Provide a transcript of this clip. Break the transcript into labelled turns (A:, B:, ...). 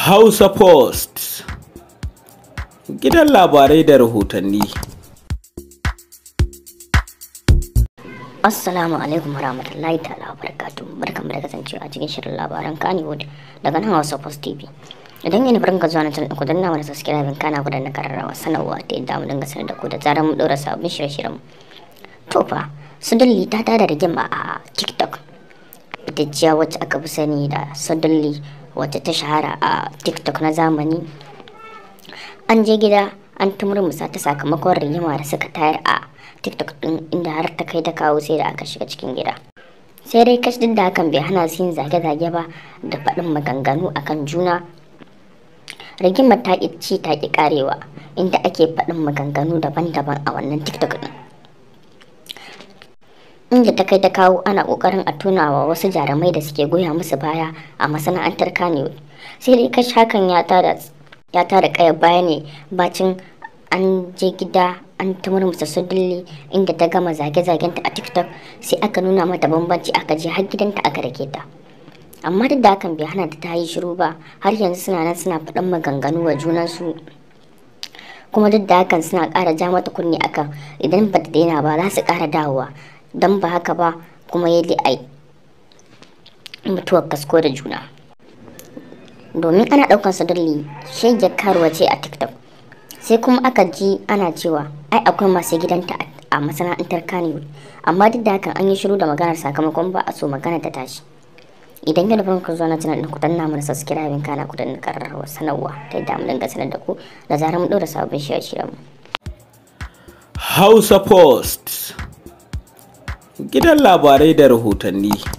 A: Hausa Post gidan labarai da rahotanni.
B: Assalamu alaikum warahmatullahi ta'ala wabarakatuh. Barkanmu da kasance a cikin shirin labaran Kannywood daga nan Hausa Post TV. Idan yana barin ka zuwa na channel ku danna mana subscribe kana ku kararra kararrawa sanarwa ta yadda mu dinga sanar da ku da zarar mu ɗora sabbin shirye-shiryen mu. To fa, Sudulli ta tada rigima a TikTok. Ita wacce aka fi sani da Sudulli wacce ta shahara a tiktok na zamani an je gida an ta murmusa ta sakamakon rigima da suka tayar a tiktok din inda har ta kai ta kawo sai da aka shiga cikin gida sai dai kashi din da hakan bai hana su yin zage-zage ba da faɗin maganganu akan juna rigimar ta ci ta ƙi karewa inda ake faɗin maganganu daban-daban a wannan tiktok din inda ta kai ta kawo ana kokarin a tunawa wasu jarumai da suke goya musu baya a masana'antar kanewood sai dai kashi hakan ya tara kaya kayar baya ne bacin an je gida an ta murmusa su dille inda ta gama zage-zagenta a tiktok sai aka nuna mata bambanci aka je har gidanta aka rake ta amma duk da hakan bai hana ta ta yi shiru ba har yanzu suna nan suna faɗan maganganu wa junansu kuma duk da hakan suna ƙara ja mata kunni akan idan ba ta daina ba za su ƙara dawowa don ba haka ba kuma ya ai mutuwar kasko da juna domin ana daukan sadarli shege karuwa ce a tiktok sai kuma aka ji ana cewa ai akwai masu gidanta a masana'antar kanewood amma duk da hakan an yi shiru da maganar sakamakon ba a so magana ta tashi idan yana ban ku zuwa na da ku danna mana kana kudan danna kararrawa sanarwa ta yadda mu dinga sanar da ku da zarar mu ɗora sabbin shirye-shiryen mu
A: Hausa Post gidan labarai da rahotanni